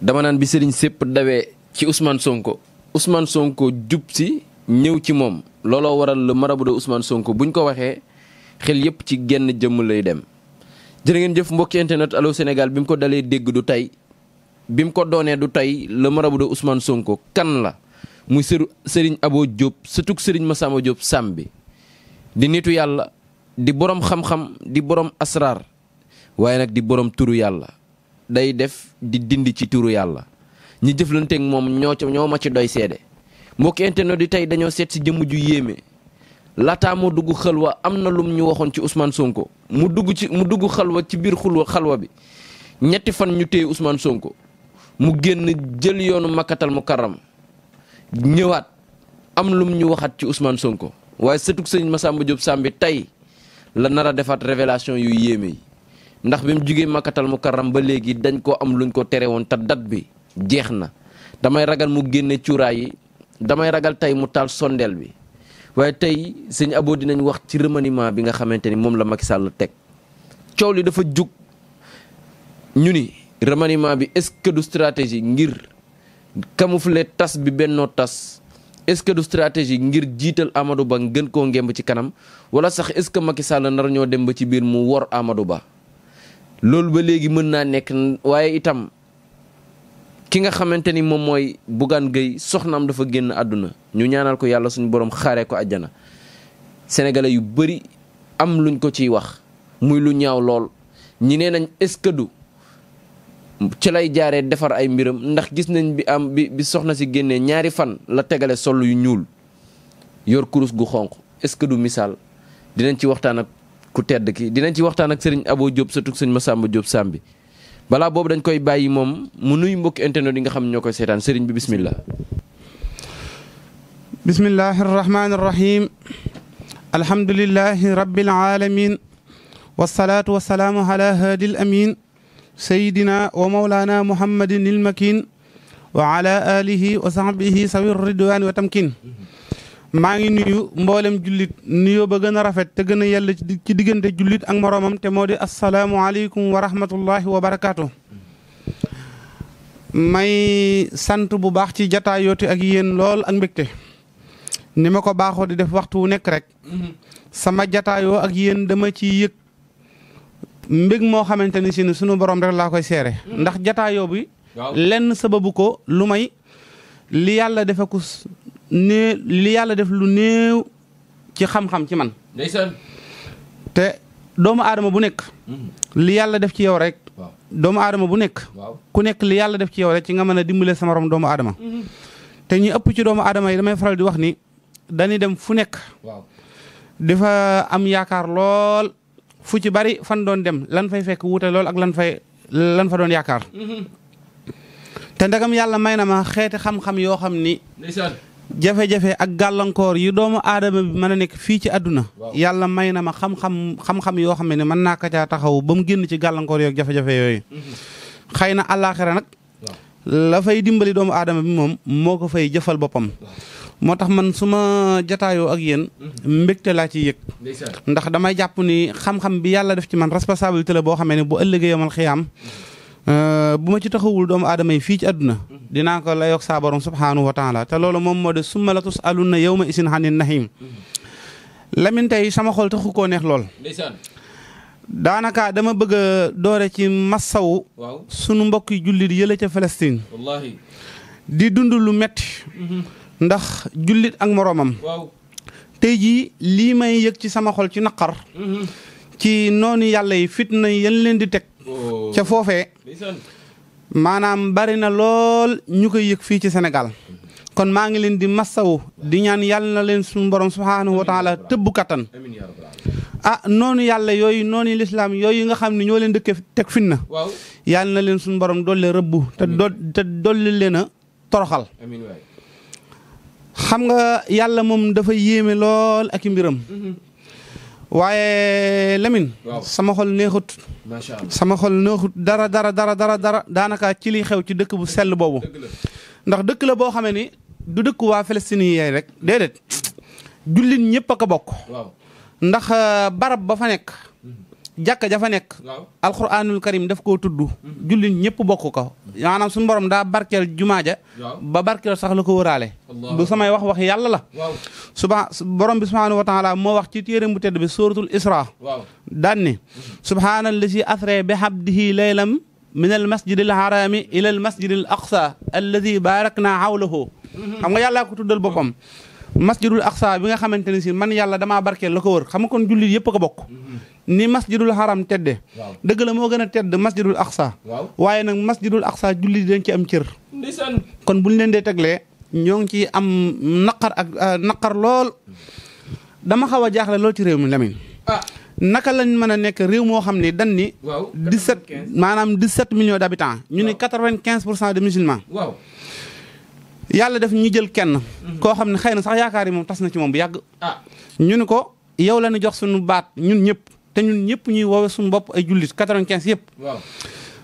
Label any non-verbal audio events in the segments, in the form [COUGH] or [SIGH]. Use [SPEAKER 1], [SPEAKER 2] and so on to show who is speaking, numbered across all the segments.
[SPEAKER 1] dama naan bi sëriñ sépp dawee ci Ousmane Sonko usmaan Sonko jub si ñëw ci moom looloo waral le marabout de Ousmane Sonko buñ ko waxee xel yépp ci genn jëmm lay dem. jërë ngeen jëf mbokki internet Allô Sénégal bi mu ko dalee dégg du tey bi mu ko doonee du tey la marabout de Ousmane Sonko kan la muy sëru sëriñ Abo Diop surtout sëriñ Massamba Diop Sam bi di nitu yàlla di borom xam-xam di borom asraar waaye nag di borom turu yàlla. day def di dindi ci turu yàlla ñi jëflanteeg moom ñoo ci ñoo ma ci doy seede mbokki internet di tey dañoo seet si jëmm ju yéeme laataa moo dugg xalwa am na lum ñu waxoon ci Ousmane Sonko mu dugg ci mu dugg xalwa ci biir xulwa xalwa bi ñetti fan ñu téye Ousmane Sonko mu génn jël yoonu makkatal mu karam ñëwaat am lum ñu waxaat ci Ousmane Sonko waaye sëtug sëñ Massamba Diop Samb bi tey la nar a defaat révélation yu yéemey ndax bi mu jugee makkatal mu karam ba léegi dañ koo am luñ ko tere woon tat dat bi jeex na damay ragal mu génne cuuraay yi damay ragal tey mu taal sondeel bi waaye tey sëñ Abo dinañ wax ci remaniement bi nga xamante ni moom la Macky Sall teg coow li dafa jug ñu ni remaniement bi est-ce stratégie ngir camoufler tas bi bennoo tas est-ce que du stratégie ngir jiital Amadou Ba gën koo ngemb ci kanam wala sax est-ce que Macky Sall nar ñoo dem ba ci biir mu wor Amadou Ba. loolu ba léegi mën naa nekk waaye itam ki nga xamante ni moom mooy Bougane Gueye soxnaam dafa génn àdduna ñu ñaanal ko yàlla suñu borom xaaree ko àjjana sénégalais yu bëri am luñ ko ciy wax muy lu ñaaw lool ñi nee nañ est-ce que du ci lay jaare defar ay mbiram ndax gis nañ bi am bi soxna si génnee ñaari fan la tegale sol yu ñuul yor kurus gu xonq est-ce que du misaal dinañ ci waxtaan ak ku tedd ki dinañ ci waxtaan ak sëriñ Abo Diop surtout sëriñ Massamba Diop Sambi balaa boobu dañ koy bàyyi moom mu nuyu mbokki internet yi nga xam ne ñoo koy seetaan sëriñ bi bismillah
[SPEAKER 2] bismillahi arrahmani arrahim alhamdulilahi rabbil alamin wasalaatu wasalaamu ala haadil amin wa mawlaana muhammadin il makin wa wa sahbihi sawi ridwaan wa tamkin maa ngi nuyu mboolem jullit nuyoo ba gën a rafet te gën a yàlla ci diggante jullit ak moroomam te moo di asalaamualeykum wa rahmatullahi wa barakaatu. may sant bu baax ci jataayooti ak yéen lool ak mbégte ni ma ko baaxoo di def waxtu wu nekk rek mm-hmm. sama jataayoo ak yéen dama ci yëg mbég moo xamante ni si ne sunu boroom rek laa koy seere mm-hmm. ndax jataayoo bi lenn sababu ko lu may li yàlla defe ko nee li yàlla def lu néew ci xam-xam ci man. ndeysaan. te doomu aadama bu nekk. Hmm. li yàlla def ci yow rek. doomu aadama bu nekk. ku nekk li yàlla def ci yow rek ci nga mën a dimbale sama doomu aadama. Hmm. te ñi ëpp ci doomu aadama yi damay faral di wax ni dañuy dem fu nekk. dafa am yaakaar lool fu ci bari fan doon dem lan fay fekk wuute lool ak lan fay lan fa doon yaakaar. Hmm. te ndagam yàlla may na ma xeeti xam-xam yoo xam ni. jafe-jafe ak gàllankoor yi doomu aadama bi mën a nekk fii ci àdduna yàlla may na ma xam-xam xam-xam yoo xam ne man naa ko caa taxaw ba mu génn ci gàllankoor yooyu ak jafe-jafe yooyu mm-hmm. xëy na àllaaxira nag la fay dimbali doomu aadama bi moom moo ko fay jëfal boppam moo tax man su ma jataayoo ak yéen mm-hmm. mbégte laa ci yëg ndax damay jàpp ni xam-xam bi yàlla def ci man responsabilité la boo xamee ne bu ëllëgee yamal xiyaam mm-hmm. Euh, bu ma ci taxawul doomu aadama yi fii ci àdduna dinaa ko layoog saa borom subhaanahu wa te loolu moom moo de summa la tusalunna yawma isin xanin nahim lamin sama xol taxu koo neex lool daanaka dama bëgg a doore ci massawu sunu mbokki jullit yële ca di dund lu metti mhm. ndax jullit ak moroomam tey jii lii may yëg ci sama xol ci naqar mhm. ci noonu yàlla yi fitna yan leen di teg ca foofee maanaam bari na lool ñu koy yëg fii ci Sénégal kon maa ngi leen di masawu di ñaan yàlla na leen suñu borom subhaanahu wa taala kattan ah noonu yàlla yooyu noonu lislaam yooyu nga xam ne ñoo leen dëkkee teg finna yàlla na leen suñu borom dolle rëbbu te do te dolli leen a toroxal xam nga yàlla moom dafa yéeme lool ak i mbiram mm-hmm. waaye Lamine. sama xol neexut. macha sama xol neexut dara dara dara dara dara daanaka ci liy xew ci dëkk bu sell boobu. ndax dëkk la boo xamee ni du dëkk waa Palestine yi rek déedéet. jullit ñëpp a ko bokk. ndax euh, barab ba fa nekk. Mhm. jàkka jafa nekk alxuraanul karim daf koo tudd mm-hmm. jullit ñëpp bokk ko maanaam suñu borom daa barkeel jumaa ja ba barkeel sax ko wëraale du samay wax wax yàlla la suba borom bi subhaanahu wa moo wax ci téere bu tedd bi suratul isra daan ni mm-hmm. subhaanallazi asra bi abdihi laylam min al masjidil harami ila al masjidil aqsa alladi barakna hawlahu mm-hmm. xam nga yàllaa ko tuddal boppam masjidul aqsa bi nga xamante ne si man yàlla damaa barke la ko wër xam nga kon jullit yëpp ko bokk ni masjidul haram tedde dëgg la moo gën a tedd masjidul aqsa waaye nag masjidul aqsa jullit dañ ci am cër kon buñ leen dee tegle ñoo ngi ci am naqar ak euh, naqar lool dama xaw a jaaxle lool ci réew mi Lamine ah. naka lañ mën a nekk réew moo xam ne dan ni dix-sept maanaam dix-sept millions ñu ne quatre vingt pour cent de musulmans waaw yàlla def ñu jël kenn. koo xam ne xëy na sax yaakaar yi moom tas na ci moom bu yàgg. Ah. ñu ni ko yow la ñu jox suñu baat ñun ñëpp te ñun ñëpp ñuy woowe suñu mbopp ay jullit 95 yëpp. waaw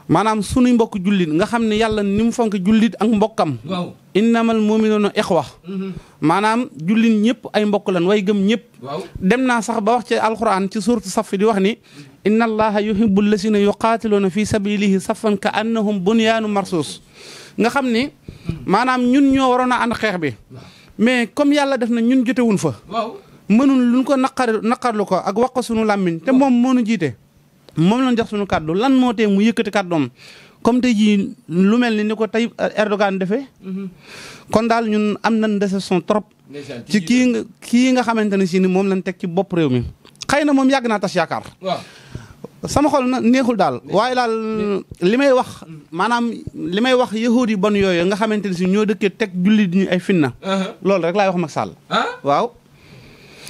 [SPEAKER 2] maanaam suñuy mbokk jullit nga xam ne yàlla ni mu fonk jullit ak mbokkam. waaw innamal mu'minuuna ixwa mhm. maanaam jullit ñëpp ay mbokk lan way gëm ñëpp. dem naa sax ba wax ci alxuraan ci suuratu saf di wax ni. inna allaha yuhibbu llazina yuqaatiluuna fi sabilihi safan ka annahum bunyaanu marsuus nga xam ni. maanaam ñun ñoo waroon a ànd xeex bi mais comme yàlla def na ñun jote jotewuñ fa mënun luñ ko naqar naqarlu ko ak wax ko suñu làmmiñ te moom moo nu jiite moom lañ jox suñu kàddu lan moo tee mu yëkkati kàddoom comme tey jii lu mel ni ni ko tey Erdogan defe mm-hmm. kon daal ñun am na déception trop ci kii nga kii nga xamante ne si ni moom lañ teg ci bopp réew mi xëy na moom yàgg naa tas yaakaar sama xol na neexul daal waaye laal li may wax maanaam li may wax yahuud yi bon yooyu nga xamante ne si ñoo dëkkee teg jullit ñu ay finna uh-huh. loolu rek laay wax Macky Sall ah? waaw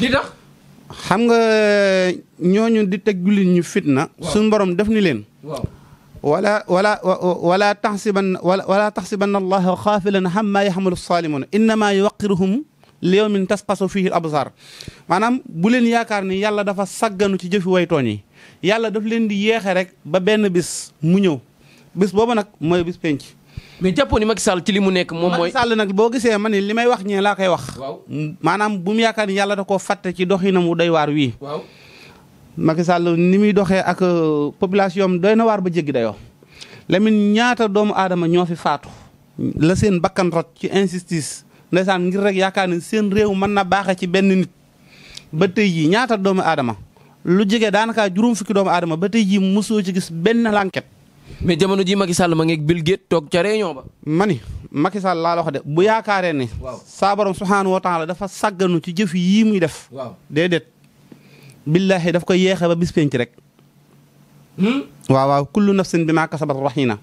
[SPEAKER 2] li tax xam nga ñooñu di teg jullit ñu fitna suñ borom def ni leen wala wala wala taxsiban wala taxsiban allaha xam xamma yaxmalu saalimuuna innama yuwaqiruhum li yawmin tasqasu fihi al absar maanaam bu leen yaakaar ni yàlla dafa sagganu ci jëfi way yi yàlla daf leen di yéexe rek ba benn bis mu ñëw bis boobu nag mooy bis penc. mais jàppoon ni Macky Sall ci li mu nekk moom mooy. Macky boo gisee ma ni li may wax ñee laa koy wax. waaw maanaam bu mu yaakaar ni yàlla da koo fàtte ci doxinam wu doy waar wii. waaw Macky Sall ni muy doxee ak euh, population doy na waar ba jéggi dayoo. Lamine ñaata doomu aadama ñoo fi faatu. la seen bakkan rot ci insistis ndeysaan ngir rek yaakaar ne seen réew mën na baaxee ci benn nit ba tey jii ñaata doomu aadama lu jege daanaka juróom fukki doomu aadama ba tey jii mosoo ci gis benn l'enquête. mais jamono ji Macky Sall ma ngeeg Bill Gates toog ca réunion ba. ma ni Macky Sall laa de bu yaakaaree ne. waaw saa borom subhaanahu wa taala dafa sàgganu ci jëf yii muy def. waaw déedéet. billaahi daf koy yeexe ba bis penc rek. Hmm? waaw waaw kullu nafsin bi maa kasabat na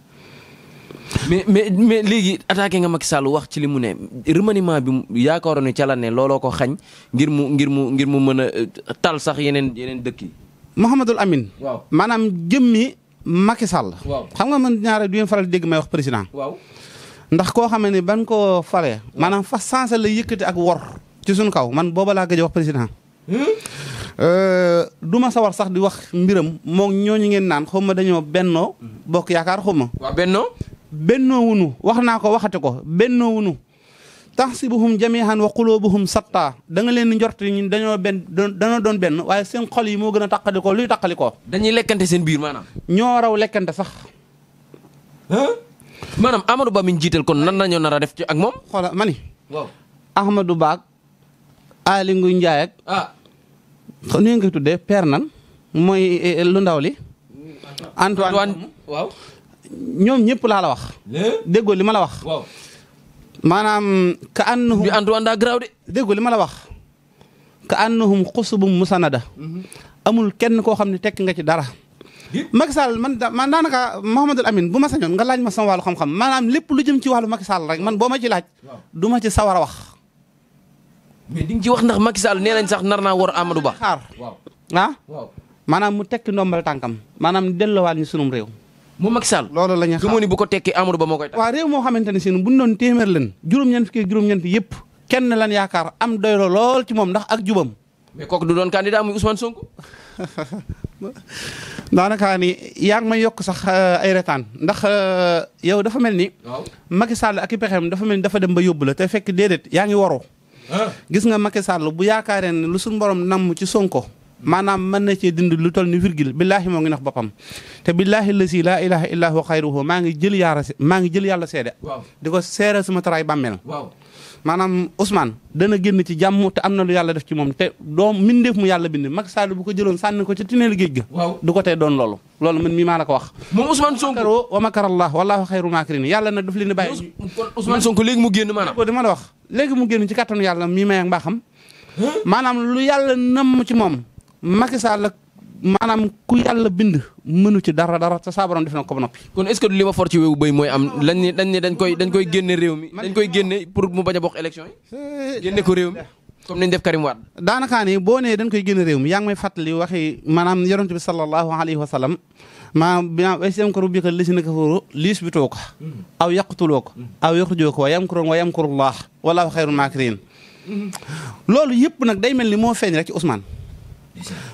[SPEAKER 1] mais mais mais léegi attaqué nga Macky Sall wax ci li mu ne remaniement bi yaakaaroon ne ca la ne looloo ko xañ ngir mu ngir mu ngir mu mën a euh, tal sax yeneen yeneen dëkk yi. Mouhamadul Amin. waaw maanaam jëmmi Macky Sall.
[SPEAKER 2] waaw xam nga man ñaare du ngeen faral dégg may wax président. waaw ndax koo xam ne ban koo falee. maanaam fa sensé la yëkkati ak wor. ci suñu kaw man booba laa gëj wax président. Hmm? Euh, duma ma sawar sax di wax mbiram moo ñooñu ngeen naan xaw ma dañoo bennoo. Hmm. bokk yaakaar xaw ma. bennoo. bennoowunu wax naa ko waxate ko bennoowunu taxsibuhum jamihan wa qulubuhum satta da nga leen di njort ñun dañoo benn dañoo doon benn waaye seen xol yi
[SPEAKER 1] moo gën a taqalikoo luy taqalikoo dañuy lekkante seen biir maanaam. ñoo raw lekkante sax. maanaam Amadou Ba mi ñu jiital kon nan nañoo nar a def ci ak moom. xoola ma ni.
[SPEAKER 2] waaw Ahmadou Ba ak Aly Ngouille Ndiaye ak. ah.
[SPEAKER 1] nu ngeen koy
[SPEAKER 2] nan mooy eh, lu ndaw li. Mm, ñoom ñëpp laa la wax. déggoo li ma la wax. waaw maanaam. ka annahum bi andu àndaa garaaw de. li ma la wax. ka annahum xusubum musanada mhm. amul kenn koo xam ne tekk nga ci dara. Macky Sall man da man daanaka Mouhamadul Amin bu ma sañoon nga laaj ma sama wàllu xam-xam maanaam lépp lu jëm ci wàllu Macky Sall rek man boo ma ci laaj. du ma ci sawar a wax. mais di nga wax ndax Macky Sall nee nañ sax nar naa war Amadou Ba. xaar ah. maanaam mu tekki ndombal tànkam maanaam delloowaat ñu sunum réew. mu Macky Sall loolu la ñu
[SPEAKER 1] xaar ni bu ko tekkee Amadou Ba moo koy tax waaw
[SPEAKER 2] réew moo xamante ne si bu ñu doon téeméer leen juróom-ñeent fukki juróom-ñeent yëpp kenn lan yaakaar am doyro lool ci moom ndax ak jubam
[SPEAKER 1] mais kooku du doon candidat muy Ousmane Sonko
[SPEAKER 2] [LAUGHS] daanaka ni yaa ngi may yokk sax euh, ay retaan ndax euh, yow dafa mel ni Macky Sall ak i pexeem dafa mel ni dafa dem ba yóbbu la te fekk déedéet yaa ngi waroo ah. gis nga Macky Sall bu yaakaaree ne lu suñu borom namm ci Sonko maanaam mën na cee dindi lu toll ni virgule billaahi moo ngi nax boppam te billaahi la si laa ilaha illaa huwa xayruhu maa ngi jël yaara maa ngi jël yàlla seede di ko seere suma taraay bàmmeel maanaam Ousmane dana génn ci jàmm te am na lu yàlla def ci moom te doom mindeef mu yàlla bind Macky Sall bu ko jëloon sànni ko ci tineelu géej gi du ko tey doon loolu loolu man mii maa la ko wax moom Ousmane Sonko wa makarallah wallahu xayru makirin yàlla na daf leen di bàyyi Ousmane léegi mu génn maanaam ko di wax léegi mu génn ci kàttanu yàlla mii may ak maanaam lu yàlla nam ci moom Macky Sall ak maanaam ku yàlla bind mënu ci dara dara te saa borom def na ko ba noppi.
[SPEAKER 1] kon est-ce que du li ma for ci wéwu béy mooy am lañ ne dañ ne dañ koy koy génne réew mi. dañ koy génne pour mu bañ a bokk élection yi.
[SPEAKER 2] Eh, génne ko réew mi eh. comme
[SPEAKER 1] nañ def Karim Wade.
[SPEAKER 2] daanaka ni boo nee dañ koy génne réew mi yaa ngi may fàttali waxi maanaam yonent bi sallallahu alayhi wa sallam maa maa wa yamkuru bika llaziina kafaru liyusbituuka aw ko aw yuxrijuuka wa yamkuruuna wa yamkurullaah wallaahu xayrul maakiriin mm-hmm. loolu yëpp nag day mel ni moo feeñ ci Ousmane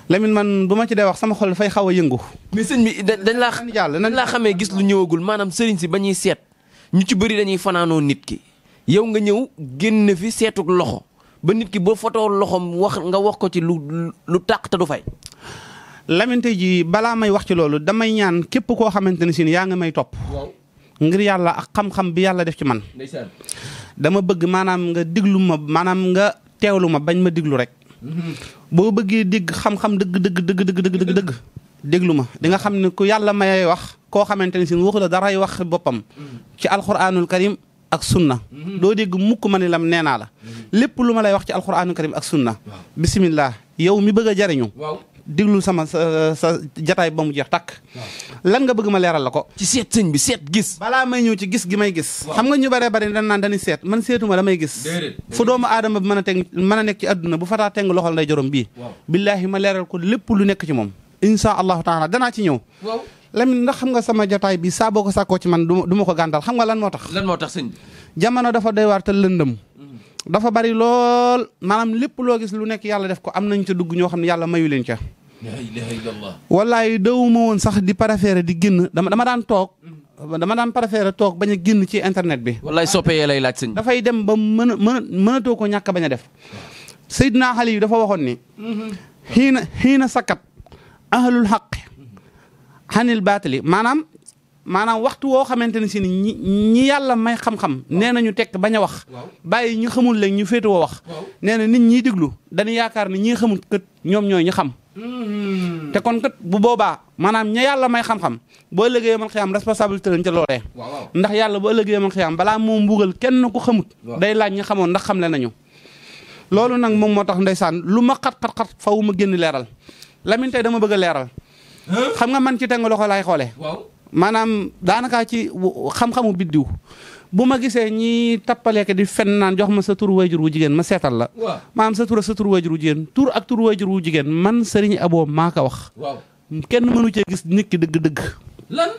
[SPEAKER 2] Lamine man bu ma ci dee wax sama xol dafay xaw a yëngu.
[SPEAKER 1] mais sëñ bi dañ laa dañ laa xamee gis lu ñëwagul maanaam sëriñ si ba ñuy seet ñu ci bëri dañuy fanaanoo nit ki yow nga ñëw génn fi seetu loxo ba nit ki boo fotoo loxom wax nga wax ko ci lu lu tàq te du fay.
[SPEAKER 2] Lamine tey jii balaa may wax ci loolu damay ñaan képp koo xamante ne si yaa nga may topp. ngir yàlla ak xam-xam bi yàlla def ci man. dama bëgg maanaam nga diglu ma maanaam nga teewlu ma bañ ma diglu rek. boo bëggee dégg xam-xam dëgg dëgg dëgg dëgg dëgg déglu ma di nga xam ne ku yàlla mayay wax koo xamante ne si waxu la daray wax boppam ci alxuraanul karim ak sunna doo dégg mukk ma ne lam nee naa la lépp lu ma lay wax ci alxuraanul karim ak sunna bismillah yow mi bëgg a jariñu diglu sama sa sa jataay ba mu jeex takk lan nga bëgg ma leeral la ko ci seet sëñ bi seet gis balaa may ñëw ci gis gi may gis xam nga ñu bare bari nan naan dañuy seet man seetuma damay gis fu doomu aadama bi mën a teg mën a nekk ci àdduna bu fataa teng loxol nday jorom bii billaahi ma leeral ko lépp lu nekk ci moom insha allahu taala danaa ci ñëw Lamine ndax xam nga sama jotaay bi saa boo ko sàkkoo ci man du ma ko gàntal xam nga lan moo tax
[SPEAKER 1] lan moo tax sëñ bi
[SPEAKER 2] jamono dafa doy waar te mm-hmm. bari lool maanaam lépp loo gis lu nekk yàlla def ko am nañ ca dugg ñoo xam ne yàlla mayu leen ca
[SPEAKER 1] la ilaha illallah
[SPEAKER 2] wallaay dawuma woon sax di préféré di génn dama dama daan toog dama daan préféré toog bañ a génn ci internet bi.
[SPEAKER 1] wallaay soppee lay laaj sëñ
[SPEAKER 2] dafay dem ba mën mën a mënatoo ko ñàkk bañ a def. Seydina Xali yi dafa waxoon ni. xiina xiina sakkat ahlul xaq xanil baatali maanaam maanaam waxtu woo xamante ne si ni ñi ñi yàlla may xam-xam nee na ñu tekk bañ a wax bàyyi ñu xamul léegi ñu féetewoo wax nee na nit ñiy diglu dañu yaakaar ni ñi xamul kët ñoom ñooy ñu xam hmm. te kon kat bu boobaa maanaam ña yàlla may xam-xam boo ëllëgee man xiyaam responsabilité lañ ca loolee ndax yàlla boo ëllëgee man xiyaam balaa moo mbugal kenn ku xamut day laaj ñi xamoon ndax xamle nañu loolu nag moom moo tax ndeysaan lu ma xat-xat-xat faw ma génn leeral Lamine dama bëgg a xam nga man ci teng loxo xoolee maanaam daanaka ci xam-xamu biddiw bu ma gisee ñi tappaleeke di fen naan jox ma sa tur wayjur wu jigéen ma seetal la maanaam sa tur sa tur wayjur wu jigéen tur ak tur wayjur wu jigéen man sëriñ aboo maa ko wax kenn mënu cee gis nit ki dëgg-dëgg lan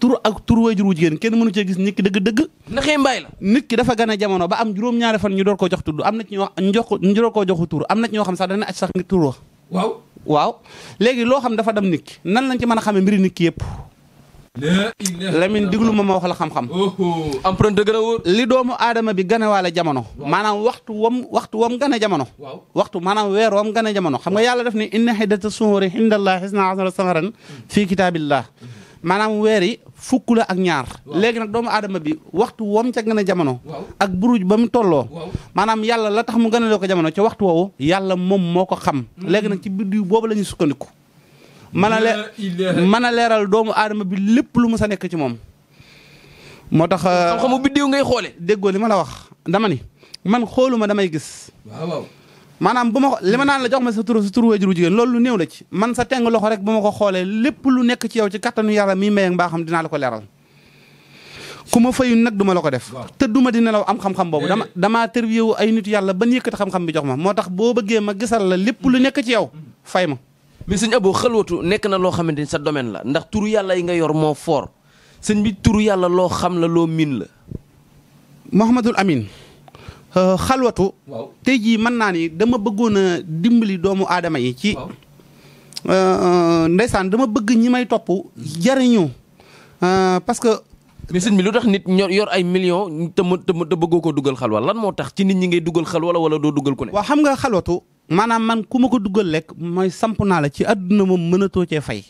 [SPEAKER 2] tur ak tur wayjur wu jigéen kenn mënu cee gis nit dëgg-dëgg ndaxee mbaay la nit ki dafa gën jamono ba am juróom-ñaari fan ñu door koo jox tudd am na ci ñoo ñu jox tur am na ñoo xam sax dana aj sax ngi tur wa waaw léegi loo xam dafa dem nit nan lañ ci mën a xamee mbiri nit ki yëpp Lamine diglu ma ma wax la xam-xam. emprunté gën a wóor. li doomu aadama bi ganewaale jamono. maanaam waxtu woom waxtu wam gane jamono. waxtu maanaam weer wam gane jamono xam nga yàlla def ne inna iddata suhuuri inda Allahi isnaa ashara shahran fii kitaabillah mm-hmm. maanaam weer yi fukk la ak ñaar. léegi nag doomu aadama bi waxtu woom ca gën a jamono. ak buruj ba mu tolloo. maanaam yàlla la tax mu gën a ko jamono ca waxtu woowu. yàlla moom moo ko xam. Mm-hmm. léegi nag ci biddiw boobu la ñuy sukkandiku. man a mën a leeral doomu aadama bi lépp lu mu sa nekk ci moom. moo tax euh, xam-xamu biddiw ngay xoole déggoo li ma la wax dama ni man xooluma damay gis. maanaam bu ma ko li naan la jox ma sa tur sa tur waajuru jigéen néew la ci. man sa teng rek bu ma ko xoolee lépp lu nekk ci yow ci kattanu yàlla mi may ak mbaaxam dinaa la ko leeral. ma fayu nag duma la ko def te duma di nelaw am xam-xam boobu dama eh. damaa tërbiyewu ay nit yàlla ban yëkkati xam bi jox ma moo tax boo bëggee ma gisal la lépp lu nekk ci yow fay ma mais sëñ
[SPEAKER 1] Abo xalwatu nekk na loo xamante ni sa domaine la ndax turu yàlla yi nga yor moo foor sëñ bi turu yàlla loo xam la loo miin la.
[SPEAKER 2] Mouhamadul Amin euh, xalwatu. waaw tey jii mën naa ni dama bëggoon a dimbali doomu aadama yi ci. Euh, euh, ndeysaan dama bëgg ñi may topp jariñu parce que.
[SPEAKER 1] mais sëñ bi lu tax nit ñor yor ay millions te mu te bëggoo ko dugal xalwa lan moo tax ci nit ñi ngay dugal xalwa wala doo dugal ku ne. waaw
[SPEAKER 2] xam nga xalwatu. maanaam man ku ma ko duggal lekk mooy samp naa la ci àdduna moom mënatoo cee fay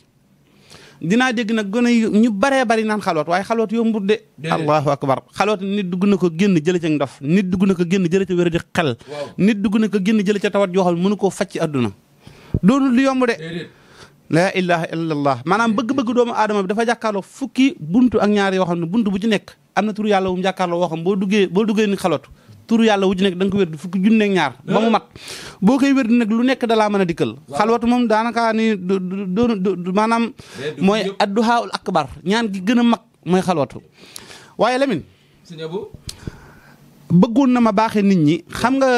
[SPEAKER 2] dinaa dégg nag gën a ñu baree bari naan xalwat waaye xalwat yombut de allahu akbar xalwat nit dugg na ko génn jële ca ndof nit dugg na ko génn jële ca wér di xel nit dugg na génn jële ca tawat yoo xam mënu koo faj ci àdduna doonul lu yomb de laa ilaha illallah maanaam bëgg-bëgg doomu aadama bi dafa jàkkaarloo fukki bunt ak ñaar yoo xam ne bunt bu ci nekk am na tur yàlla wu mu jàkkaarloo woo xam boo duggee boo duggee ni turu yàlla wu ci nekk da ko wér di fukki junne ñaar ba mu eh? mat boo koy wér di nag lu nekk dalaa mën a dikkal xalwatu moom daanaka ni doon maanaam eh, mooy adduhaawul akbar ñaan gi gën a mag mooy xalwatu waaye Lamine bëggoon na ma baaxee nit ñi xam nga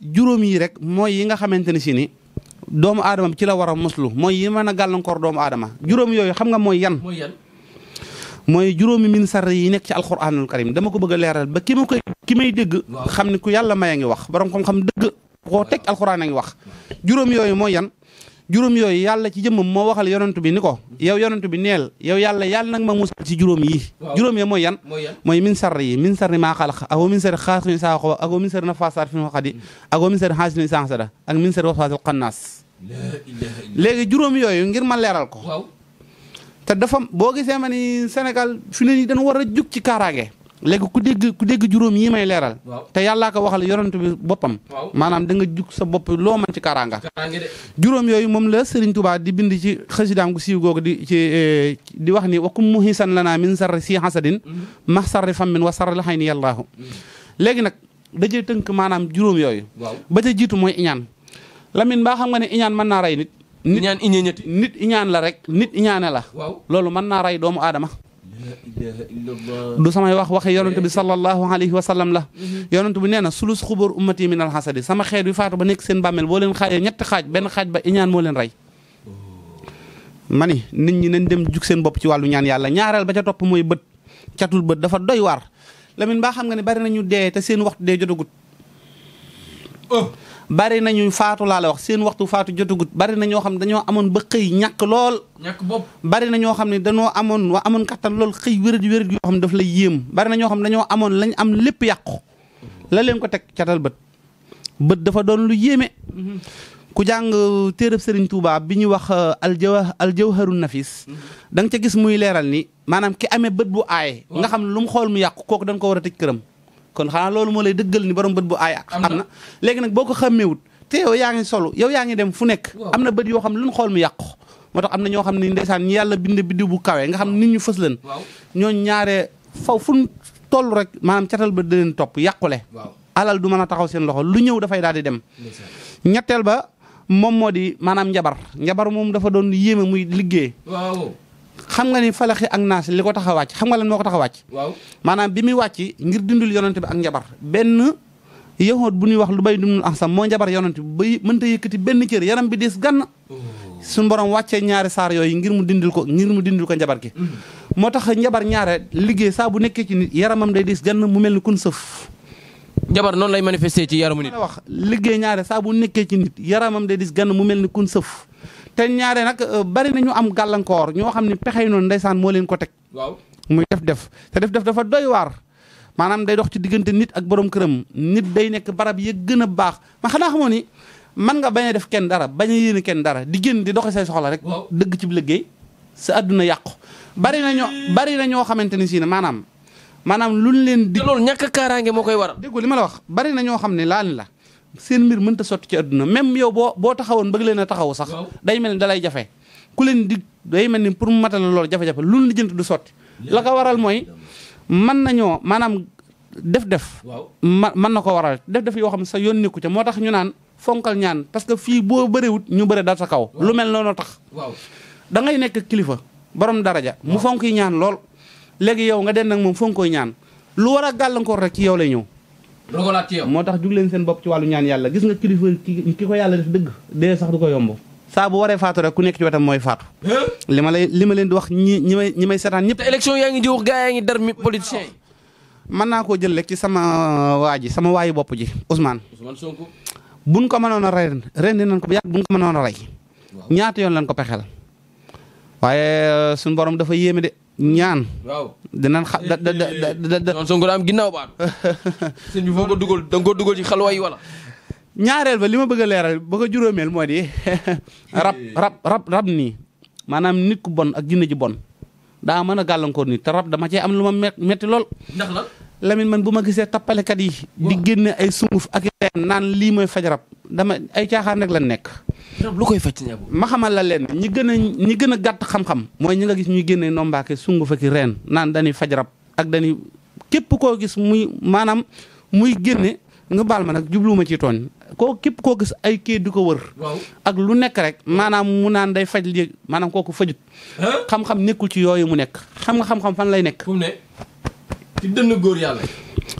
[SPEAKER 2] juróom yi rek mooy yi nga xamante ne si ni doomu aadama ci la war a moslu mooy yi mën na gàllankoor doomu aadama juróom yooyu xam nga mooy yan mooy juróomi min sarr yi nekk ci alxuraanul karim dama ko bëgg leeral ba ki ma koy ki may dégg xam ni ku yàlla maya ngi wax borom xam-xam dëgg ko teg alxuraan a ngi wax juróom yooyu mooy yan juróom yooyu yàlla ci jëmmam moo waxal yonent bi ni ko yow yonent bi neel yow yàlla yàlla nag ma musal ci juróom yi juróom ya mooy yan mooy min sarri yi min sarri maa xalaq ak min sarri xaasin saa xoba ak min sarri nafaasaat fi ma ak min sarri xaasin saa léegi juróom yooyu ngir ma leeral ko te dafa boo gisee ma ni Sénégal fi ne nii dañu war a jug ci kaaraange léegi ku dégg ku dégg juróom yi may leeral. te yàllaa ko waxal yonent bi boppam. maanaam danga nga jug sa bopp loo mën ci kaaraanga. juróom yooyu moom la Serigne Touba di bind ci xasidaam gu siiw googu di ci eh, di wax ni wakum muhisan lana min sarri si hasadin mhm. max sarri fammin wa sarri laxay ni yàllaahu mhm. léegi nag dajee tënk maanaam juróom yooyu. ba ca jiitu mooy iñaan. Lamine baa xam nga ne iñaan mën naa rey nit. nit iñaan iñee ñetti nit iñaan la rek nit iñaane la. loolu mën naa rey doomu aadama. du samay wax waxe yonent bi sallallahu alayhi wa sallam la yonent bi nee na sulus xubur ummati min alxasadi sama xeet wi faatu ba nekk seen bàmmeel boo leen xaajee ñetti xaaj benn xaaj ba iñaan moo leen rey ma ni nit ñi nañ dem jug seen bopp ci wàllu ñaan yàlla ñaareel ba ca topp mooy bët catul bët dafa doy war lamin baa xam nga ne bari nañu dee te seen waxtu dee jotagut bari nañu faatu laa la wax seen waxtu faatu jotugut bari na ñoo xam ne dañoo amoon ba xëy ñàkk lool. ñàkk bopp bari na ñoo xam ne dañoo amoon wa amoon kattan lool xëy wérad wérad yoo xam ne daf lay yéem bari nañoo xam ne dañoo amoon lañ am lépp yàqu. la leen ko teg catal bët bët dafa doon lu yéeme. ku jàng euh, téereb Serigne Touba bi ñuy wax euh, aljawa aljawharu nafis. Mm-hmm. da nga ca gis muy leeral ni maanaam ki amee bët bu aaye. nga xam lu mu xool mu yàqu kooku dañ ko war a tëj këram. kon xanaa loolu moo lay dëggal ni borom bët bu aay am na léegi nag boo ko xàmmeewut te yow yaa ngi solo yow yaa ngi dem fu nekk am na bët yoo xam ne lu ñu xool mu yàqu moo tax am na ñoo xam ne ndeysaan ñi yàlla bind biddiw bu kawee nga xam ne nit ñu fës leen ñooñ ñaaree faw fu ñu toll rek maanaam catal ba da leen topp yàqule alal du mën a taxaw seen loxo lu ñëw dafay daal di dem ñetteel ba moom moo di maanaam njabar njabar moom dafa doon yéeme muy liggéey xam nga ni falaxi ak naas li ko tax a wàcc xam nga lan moo ko tax a wàcc. waaw maanaam bi muy wàcc ngir dindul yonante bi ak njabar benn yowoot bu ñuy wax lu bay dundul ansam moo njabar yonante bi ba mënta yëkkati benn cër yaram bi diis gann oh. suñu borom wàccee ñaari saar yooyu ngir mu dindil ko ngir mu dindil ko njabar gi. Mm-hmm. moo tax njabar ñaare liggéey saa bu nekkee ci nit yaramam day diis gann mu mel ni kun sëf.
[SPEAKER 1] njabar noonu lay manifester ci yaramu nit. wax
[SPEAKER 2] liggéey ñaare saa bu nekkee ci nit yaramam day diis gann mu mel ni kun sëf te ñaaree nag euh, bari na ñu am gàllankoor ñoo xam ne pexey noonu ndeysaan moo leen ko teg. waaw muy def-def te def-def dafa doy waar. maanaam day dox ci diggante nit ak borom këram nit day nekk barab ya gën a baax ma xanaa xamoo ni man nga bañ def kenn dara bañ a kenn dara di génn di doxe say soxla rek. dëgg ci liggéey sa àdduna yàqu. bari na ñoo bari na ñoo xamante ni si ne maanaam maanaam luñ leen. di loolu ñàkk kaaraange moo koy war a dégg li ma la wax bari na ñoo xam ne laal la. seen mbir mënta sotti ci àdduna même yow boo boo taxawoon bëgg leen a taxaw sax day mel ni dalay jafe ku leen di day mel ni pour mu matal loolu jafe-jafe lu ñu lijjanti du sotti la ko waral mooy man na ñoo maanaam def-def ma mën na ko waral def-def yoo xam ne sa yoon nekku ca moo tax ñu naan fonkal ñaan parce que fii boo bëriwut ñu bëri dal sa kaw lu mel noonu tax da ngay nekk kilifa borom daraja mu fonk yi ñaan lool léegi yow nga den nag moom fonk ñaan lu war a gàllankoor rek ci yow lay ñëw dogalaat ci yow moo tax jug leen seen bopp ci wàllu ñaan yàlla gis nga kilifa ki ko yàlla def dëgg dee sax du ko yomb saa bu waree faatu rek ku nekk ci wetam mooy faatu li ma lay li leen di wax ñi ñi may ñi may seetaan ñëpp te élection yaa ngi di wax gaa yaa ngi dar mi politicien naa koo jël rek ci sama uh, waa ji sama waayu bopp ji Ousmane Ousmane Sonko buñ ko mënoon a rey ren di nañ ko bu yàgg buñ ko mënoon a rey ñaata yoon lañ ko pexeel waaye uh, suñu borom dafa yéeme de ñaan. waaw dinañ xa da da da da. Ousmane Sonko daa am ginnaaw baat. [LAUGHS] sëñ bi foo ko dugal da nga ko dugal ci xalwa yi wala. ñaareel ba li ma bëgg a leeral ba ko juróomeel moo di [LAUGHS] rab eh. rab rab rab nii maanaam nit ku bon ak jinne ji bon daa mën a gàllankoor nit te rab dama cee am lu ma metti lool. ndax la Lamine man bu ma gisee tappalekat yi. di génne ay sunguf ak naan lii mooy faj rab dama ay caaxaan rek la nekk. lu koy faj ma xamal la leen ñi gën a ñi gën a gàtt xam-xam. mooy ñi nga gis ñuy génnee nombaake sungu fa ki reen naan dañuy faj rab ak dañuy képp koo gis muy maanaam muy génne nga baal ma nag jubluwuma ci tooñ. koo képp koo gis ay kii di ko wër. ak lu nekk rek maanaam mu naan day faj léegi maanaam kooku fajut. xam-xam nekkul ci yooyu mu nekk. xam nga xam-xam fan lay nekk. fu mu ne
[SPEAKER 1] ci dënn góor yàlla.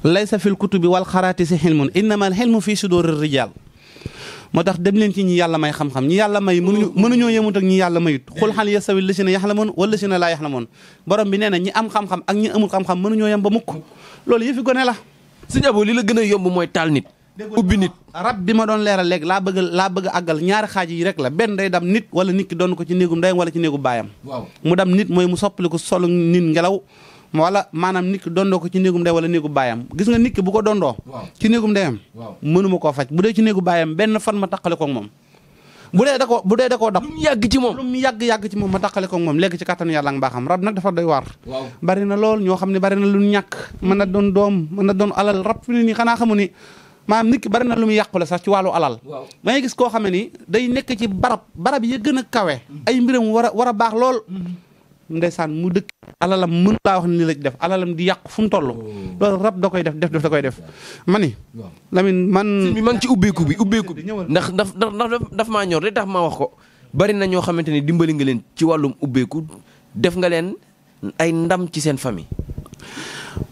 [SPEAKER 2] laysa fil kutubi wal xaraati si xilmun innama al xilmu fii sudóori rijaal moo tax dem leen ci ñi yàlla may xam-xam ñi yàlla may mënuñu mënuñoo yemut ak ñi yàlla mayut eh. xul xal yasawi lësina yaxlamoon wala lësina laa yaxlamoon borom bi nee na ñi am xam-xam ak ñi amul xam-xam mënuñoo yem ba mukk loolu yëfi gone la sëñ Abo li la gën a yomb mooy taal nit ubbi nit rab bi ma doon leeral léegi laa bëgg laa bëgg àggal ñaari xaaj yi rek la benn day dam nit wala nit ki doon ko ci néegum ndeyam wala ci néegu baayam mu dam nit mooy mu soppali ko solu wala maanaam nit ki dondoo ko ci néegum ndey wala néegu baayam gis nga nit ki bu ko dondoo ci néegum ndeyam mënuma koo faj bu dee ci néegu baayam benn fan ma taqale koog moom bu dee da ko bu da koo dab lu mu yàgg ci moom lu mu yàgg-yàgg ci moom ma taqale koog moom léegi ci kattanu yàlla nga baaxam rab nag dafa doy waar bari na lool ñoo xam ne bari na lu ñàkk mën na doon doom mën na doon alal rab fi ne nii xanaa xamu ni maanaam nit ki bari na lu yàqule sax ci wàllu alal da ngay gis koo xam ne ni day nekk ci barab barab yi gën a kawe mm-hmm. ay mbiram war a ndeysaan mu dëkk alalam mën laa wax ni la def alalam di yàq fu mu toll oh. loolu rab da koy def def da koy def ma ni Lamine man
[SPEAKER 1] man ci ubbeeku bi ubbeeku bi ndax daf daf maa ñor de tax maa wax ko bari na ñoo xamante ne dimbali nga leen ci wàllum ubbeeku def nga leen ay ndam ci seen famille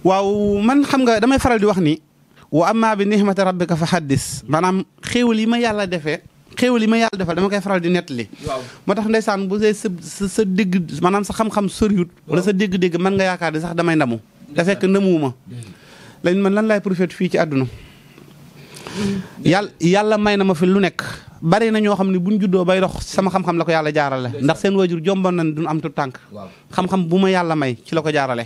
[SPEAKER 2] waaw man xam nga damay faral di wax ni wa amma bi nihmati rabbika fa haddis maanaam xéewal yi ma yàlla defee xéewal yi ma yàlla defal dama koy faral di nettali moo tax ndeysaan bu see sa sa dégg maanaam sa xam-xam soriwut wala sa dégg-dégg mën nga yaakaar di sax damay ndamu da fekk ndamuwuma lañ man lan laay profité fii ci àdduna mm. yàlla may na ma fi lu nekk bari na ñoo xam ne buñ juddoo bay dox sama xam-xam la ko yàlla jaarale ndax seen waajur jomboon na duñ am tu tànk xam-xam bu ma yàlla may ci la ko jaarale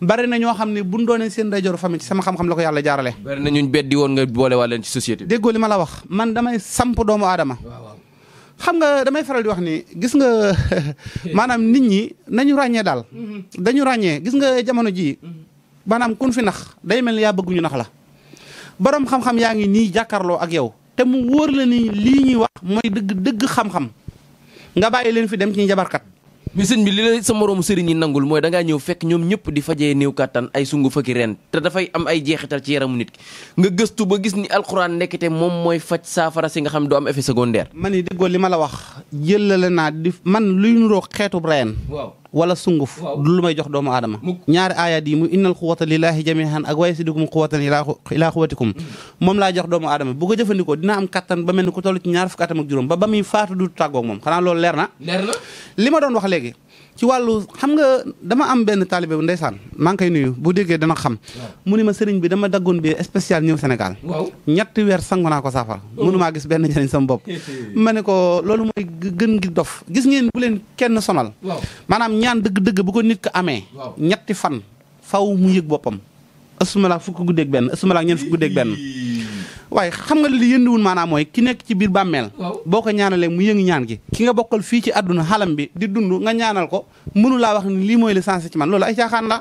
[SPEAKER 2] bari na ñoo xam ne bu doonee seen ndeyjooru famille ci sama xam-xam la ko yàlla jaarale
[SPEAKER 1] bari na ñun beddi woon nga boole waa leen ci société
[SPEAKER 2] bi ma la wax man damay samp doomu aadama xam nga damay faral di wax ni gis nga [LAUGHS] maanaam nit ñi nañu ràññee daal mhm. ràññee gis nga jamono jii mhm. maanaam kun fi nax day mel ni yaa bëgguñu nax la borom xam-xam yaa ngi nii jàkkaarloo ak yow te mu wóor la ni lii ñuy wax mooy dëgg dëgg xam-xam nga bàyyi leen
[SPEAKER 1] fi dem ci jabarkat bi bi li la sa moroomu sëriñ yi nangul mooy dangay ñëw fekk ñoom ñëpp di fajee néew kàttan ay sungu fakki ren te dafay am ay jeexital ci yaramu nit ki nga gëstu ba gis ni alxuraan nekkite moom mooy faj saafara si nga xam doo am effet secondaire.
[SPEAKER 2] man yi déggoo li ma la wax jëlale naa di man luy nuroo xeetu reen. waaw wala sunguf du lu may jox doomu aadama ñaari aayat yi mu innal quwwata lillahi jami'an ak waaye sidikum quwwatan ilaa quwwatikum mm. moom laa jox doomu aadama bu ko jëfandikoo dina am kattan ba mel ni ku toll ci ñaar fukki atam ak juróom ba ba muy faatu du tàggoog moom xanaa loolu leer na leer li ma doon wax léegi ci wàllu xam nga dama am benn taalibe bu ndeysaan maa ngi koy nuyu bu déggee dana xam mu ni ma sëriñ bi dama daggoon bi spécial ñëw Sénégal ñetti weer sangu naa ko saafara oh. mënumaa gis benn njëriñ sama bopp [LAUGHS] ma ne ko loolu mooy gën gi dof gis ngeen bu leen kenn sonal maanaam ñaan dëgg-dëgg bu ko nit ko amee ñetti fan faw mu yëg boppam ësumalaak fukk guddeeg benn ësumalaak ñeent fukk guddeeg benn waaye xam nga li yëndiwul maanaam mooy ki nekk ci biir bàmmeel boo ko ñaanalee mu yëngi ñaan gi ki nga bokkal fii ci àdduna xalam bi di dund nga ñaanal ko mënu laa wax ni lii mooy li sensé ci man loolu ay caaxaan la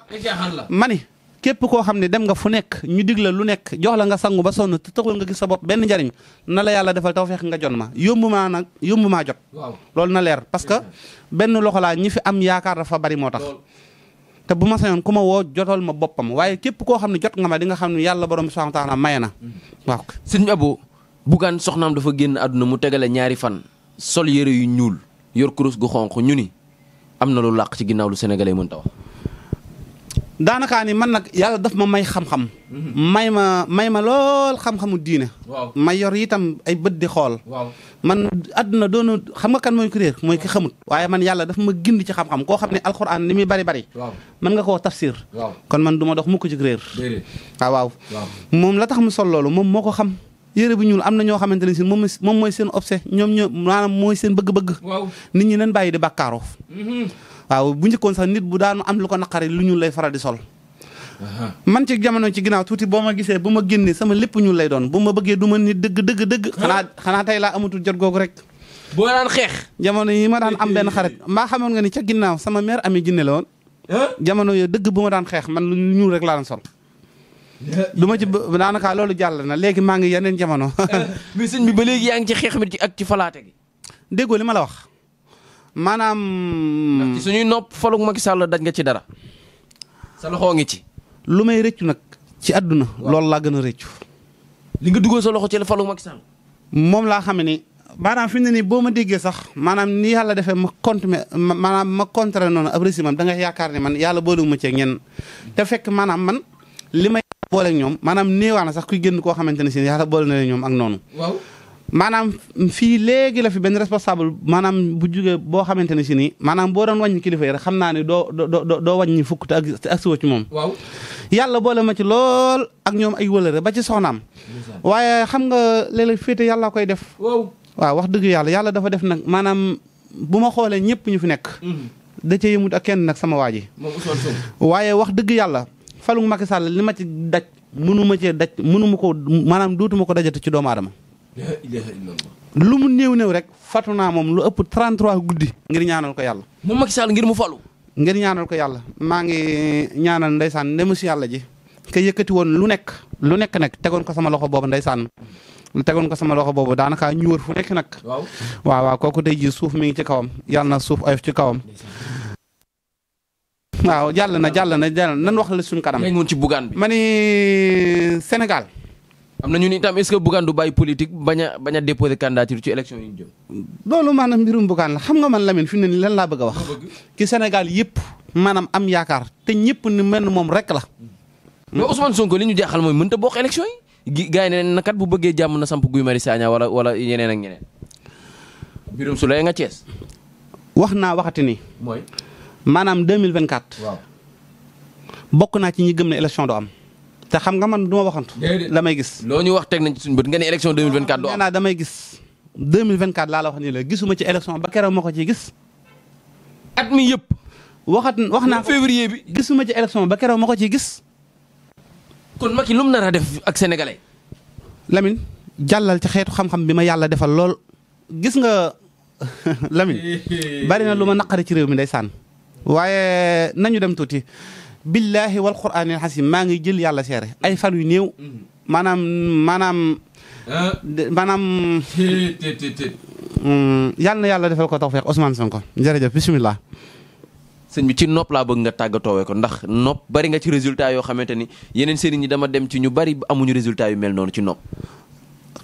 [SPEAKER 2] mani képp koo xam ne dem nga fu nekk ñu dig lu nekk jox la nga sangu ba sonn te taxul nga gis sa bopp benn njariñ na la yàlla defal tawfeex nga jot ma yomb maa nag yomb maa jot loolu na leer parce que benn loxo laa ñi fi am yaakaar dafa bari moo tax te bu ma sañoon ku ma woo jotal ma boppam waaye képp koo xam ne jot nga ma di nga xam ne yàlla borom subhanahu wa taala maye na waaw. sëñ Abo
[SPEAKER 1] Bougane soxnaam dafa génn àdduna mu tegale ñaari fan sol yére yu ñuul yor kurus gu xonq ñu ni am na lu làq ci ginnaaw lu sénégalais mën ta daanakaa
[SPEAKER 2] ni man nag yàlla daf ma may xam-xam mhm. may ma may ma lool xam-xamu diine ma yor itam ay bët di xool man àdduna doonu xam nga kan mooy ku réer mooy ki xamut waaye man yàlla daf ma gind ci xam-xam koo xam ne alxuraan li muy bari bari mën nga koo tafsir kon man duma ma dox mukk ci réer waaw waaw moom la tax mu sol loolu moom moo ko xam yére bu ñuul am na ñoo xamante ne si moom moom mooy seen obsé ñoom ñoo maanaam mooy seen bëgg-bëgg nit ñi nañ bàyyi di bàkkaaroo mhm. waaw bu njëkkoon sax nit bu daan am lu ko naqari lu ñuul lay faral di sol.
[SPEAKER 1] Uh-huh.
[SPEAKER 2] man ci jamono ci ginnaaw tuuti boo ma gisee bu ma génnee sama lépp ñu lay doon bu ma bëggee du ma nit dëgg dëgg dëgg. xanaa xanaa tey laa amatul jot rek. boo daan xeex. jamono yi ma daan am benn xarit [LAUGHS] mbaa xamoon nga ni ca ginnaaw sama mère ami jinne la jamono yooyu dëgg bu ma daan xeex man lu ñuul rek laa daan sol. du ma ci daanaka loolu jàll na léegi maa ngi yeneen jamono.
[SPEAKER 1] mais [LAUGHS] sëñ bi ba léegi yaa ngi ci xeex mi ci ak ci falaate gi. déggoo li ma la wax. maanaam. ndax ci suñuy nopp falug Macky Sall daj nga ci dara. sa loxo ngi ci. lu may rëccu nag ci àdduna. loolu laa gën a rëccu. li nga duggoo sa loxo ci la falug Macky Sall.
[SPEAKER 2] moom laa xam ni maanaam fi mu ne nii boo ma déggee sax maanaam ni yàlla defee ma compte maanaam ma contre noonu ab régime da nga yaakaar ne man yàlla boole ma cee ñenn fekk maanaam man li may boole ñoom maanaam néewaa na sax kuy génn koo xamante ne si yàlla boole na leen ñoom ak noonu. maanaam fii léegi la fi benn responsable maanaam bu jugee boo xamante ne si nii maanaam boo doon wàññi kilifa yi rek xam naa ne doo doo doo doo wàññi fukk te ak ci moom. waaw yàlla boole ma ci lool ak ñoom ay wëlëre ba ci soxnaam. waaye xam nga léeg-léeg féete yàlla koy def. waaw wax dëgg yàlla yàlla dafa def nag maanaam bu ma xoolee ñëpp ñu fi nekk. Mhm. da yëmut ak kenn nag sama waa ji. waaye wax dëgg yàlla falu Macky li ma ci daj. mënu cee daj mënu ma ko maanaam dootuma ko dajati ci doomu aadama lu mu néew néew rek fatu naa moom lu ëpp 33 guddi ngir ñaanal ko yàlla. moom Macky Sall ngir mu falu. ngir ñaanal ko yàlla maa ngi ñaanal ndeysaan ndemu si yàlla ji. ka yëkkati woon lu nekk lu nekk nag tegoon ko sama loxo boobu ndeysaan tegoon ko sama loxo boobu daanaka ñu fu nekk nag. waaw waaw kooku tey jii suuf mi ngi ci kawam yàlla na suuf oyof ci kawam. waaw jàll na jàll na jàll nan wax la suñu
[SPEAKER 1] kanam. ma ni Sénégal. am na ñu ni tam est-ce que du bàyyi politique bañ a bañ a déposer candidature ci élection yi ñu jëm.
[SPEAKER 2] loolu maanaam mbirum Bougane la xam nga man Lamine fi mu ne nii lan laa bëgg a wax. ki am yaakaar te ñëpp ni mel moom rek la.
[SPEAKER 1] mais Ousmane Sonko li ñu jaaxal mooy mën a boo élection yi. gars yi ne nakat bu bëggee jàmm na samp Guy Marius Sagna wala wala yeneen ak ñeneen. mbirum su lay nga Thiès. wax naa waxati ni. mooy maanaam 2024. waaw
[SPEAKER 2] bokk naa ci ñi gëm ne élection do am. te xam nga man du ma waxantu. la may gis. loo ñu wax teg nañ ci suñu bët nga ne élection 2024. doo am ah, nee damay gis 2024 laa la wax nii la gisuma ci élection ba keroog ko ciy mi yëpp. waxat wax naa février bi gisuma ci élection ba keroog ma ko ciy
[SPEAKER 1] gis. kon Macky lu mu nar a def ak sénégalais.
[SPEAKER 2] lamin jàllal ci xeetu xam-xam bi ma yàlla defal lool. gis nga [LAUGHS] Lamine bari na lu ma naqari ci réew mi day ndeysaan. waaye nañu dem tuuti. billaahi wal quraanil xasim maa ngi jël yàlla seere ay fan yu néew maanaam maanaam eh? maanaam yal na yàlla defal ko tawfeex Ousmane ko jërëjëf bisimilah.
[SPEAKER 1] sëñ bi ci nopp laa bëgg nga tàggatoowee ko ndax nopp bari nga ci résultat yoo xamante ni yeneen sëriñ ñi dama dem ci ñu bari amuñu résultat yu mel noonu ci nopp.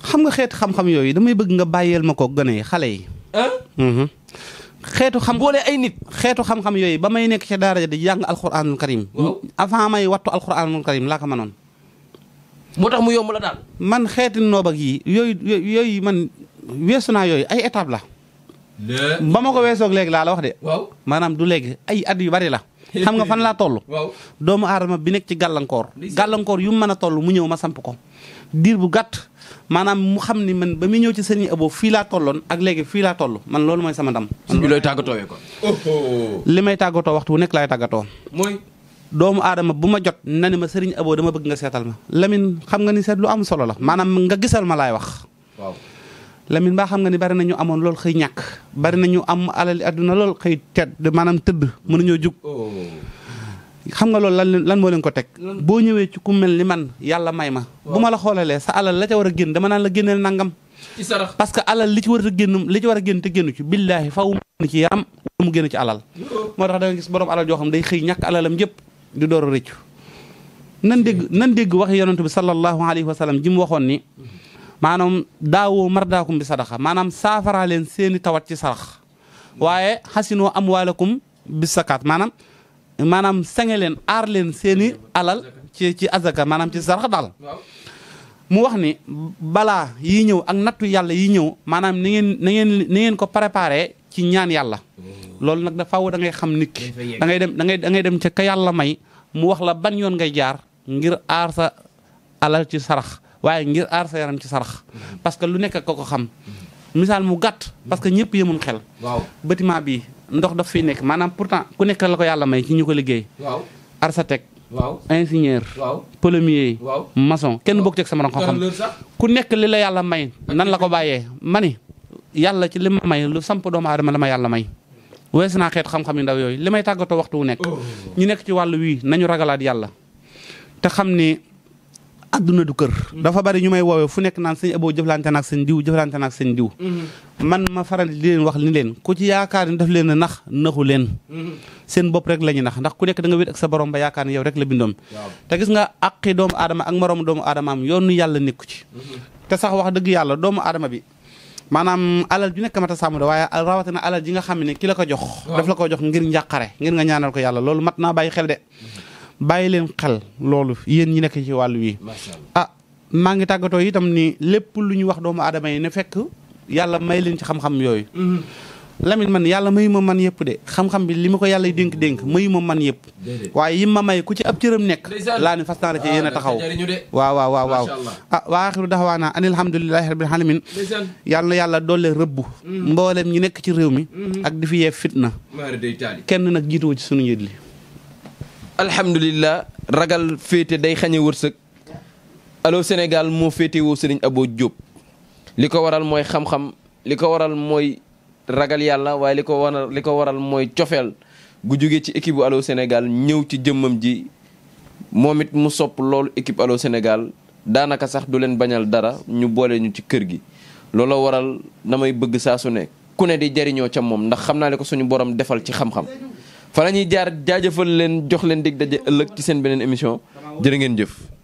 [SPEAKER 1] xam nga xeet xam-xam yooyu damay bëgg nga bàyyeel ma ko gone yi xale yi. xeetu
[SPEAKER 2] xam boole ay nit xeetu xam yooyu ba may nekk ca daara ja di jàng alxuraanul karim avant may wattu alxuraanul karim laa ko mënoon moo tax mu yomb la daal man xeeti noob ak yi yooyu yooyu man weesu naa yooyu ay étape la ba ma ko weesoog léegi laa la wax de waaw maanaam du léegi ay at yu bari la xam nga fan laa toll doomu aadama bi nekk ci gàllankoor gàllankoor yu mu mën a toll mu ñëw ma samp ko diir bu gàtt maanaam mu xam ni man ba muy ñëw ci sëriñ Abo fii laa tolloon ak léegi fii laa toll man loolu mooy sama ndam. man looy tàggatoo ko.
[SPEAKER 1] Oh.
[SPEAKER 2] li may tàggatoo waxtu wu nekk laay tàggatoo. mooy. doomu aadama bu ma jot na ne ma sëriñ Abo dama bëgg nga seetal ma Lamine xam nga ni seet lu am solo la maanaam nga gisal ma laay wax. waaw Lamine baa xam nga ni bari na ñu amoon lool xëy ñàkk. bari na ñu am alali àdduna lool xëy tedd maanaam tëdd mënuñoo jug. Oh. xam nga loolu lan lan moo leen ko teg. boo ñëwee ci ku mel ni man yàlla may ma. bu ma la xoolalee sa alal la ca war a génn dama naan la génneel nangam. parce que alal li ci war a génn li ci war a génn te génn ci billaahi faw mu génn ci alal. Oh. moo tax da gis borom alal joo xam day xëy ñàkk alalam yëpp di door a rëccu. nan dégg nan dégg wax yonent bi sallallahu alayhi wa sallam ji mu waxoon ni maanaam daawoo mardaakum bi sadaxa maanaam saafaraa leen seeni tawat ci sarax mm. waaye xasinoo amwaalakum bi sakaat maanaam. maanaam sange leen aar leen seeni alal ci ci azaka maanaam ci sarax daal mu wax ni balaa yi ñëw ak nattu yàlla yi ñëw maanaam ni ngeen na ngeen ni ngeen ko préparé ci ñaan yàlla mm. loolu nag da faw da ngay xam nit ki da ngay dem da ngay da ngay dem ca ka yàlla may mu wax la ban yoon ngay jaar ngir aar sa alal ci sarax waaye ngir aar sa yaram ci sarax mm. parce que lu nekk ko ko xam mm. misaal mu gàtt parce que ñëpp yemuñ xel. waaw bâtiment bi ndox daf fiy nekk maanaam pourtant ku nekk la ko yàlla may ci ñu ko liggéey. waaw architecte.
[SPEAKER 1] waaw ingénieur. waaw plombier. waaw
[SPEAKER 2] maçon kenn bokk teg sama ron xam ku nekk li la yàlla may nan la ko bàyyee ma ni yàlla ci li ma may lu samp doomu aadama la ma yàlla may. weesu naa xeet xam-xam yu ndaw yooyu li may tàggatoo waxtu wu nekk. Oh. ñu nekk ci wàllu wii nañu ragalaat yàlla te xam ni àdduna du kër. dafa bari ñu may woowee fu nekk naan sëñ Abo jëflante na diw mm-hmm. man ma faral di leen wax ni leen ku ci yaakaar ni daf leen a nax naxu leen. Mm-hmm. seen bopp rek la ñu nax ndax ku nekk da nga wéet ak sa borom ba yaakaar ni yow rek la bindoom. te gis nga àqi doomu aadama ak moromu doomu aadamaam yoonu yàlla nekku ci. Mm-hmm. te sax wax dëgg yàlla doomu aadama bi. maanaam alal ju nekk mata sàmm da waaye rawatina alal ji nga xam ne ki la ko jox. daf la ko jox ngir njàqare ngir nga ñaanal ko yàlla loolu mat bàyyi leen xel loolu yéen ñi nekk ci wàllu wi ah maa ngi tàggatoo itam ni lépp lu ñu wax doomu aadama yi ne fekk yàlla may leen ci xam-xam yooyu mhm. Lamine man yàlla mayu ma man yëpp de xam bi li ma ko yàlla dénk-dénk mayu ma man yëpp waaye yi ma may ku ci ab cëram nekk laa ni fas naa la ci yéen a ah, taxaw waaw waaw waaw waaw ah wa axiru daxawaana an alhamdulilahi rabbil alamin yàlla na yàlla doole rëbb mhm. mboolem ñi nekk ci réew mi mhm. ak di fi yee fitna kenn nag jiituwu ci sunu njët li
[SPEAKER 1] alhamdulilah ragal féete day xañe wërsëg Allô Sénégal moo féete woo aboo Abo li ko waral mooy xam-xam li ko waral mooy ragal yàlla waaye li ko waral li ko waral mooy cofeel gu jógee ci équipe bu Allô Sénégal ñëw ci jëmmam ji moom it mu sopp loolu équipe Allô Sénégal daanaka sax du leen bañal dara ñu boole ñu ci kër gi looloo waral damay bëgg saa su ne ku ne di jariñoo ca moom ndax xam naa li ko suñu borom defal ci xam-xam fa la ñuy jaar jaajëfal leen jox leen dig daje ëllëg ci seen beneen émission jërë ngeen jëf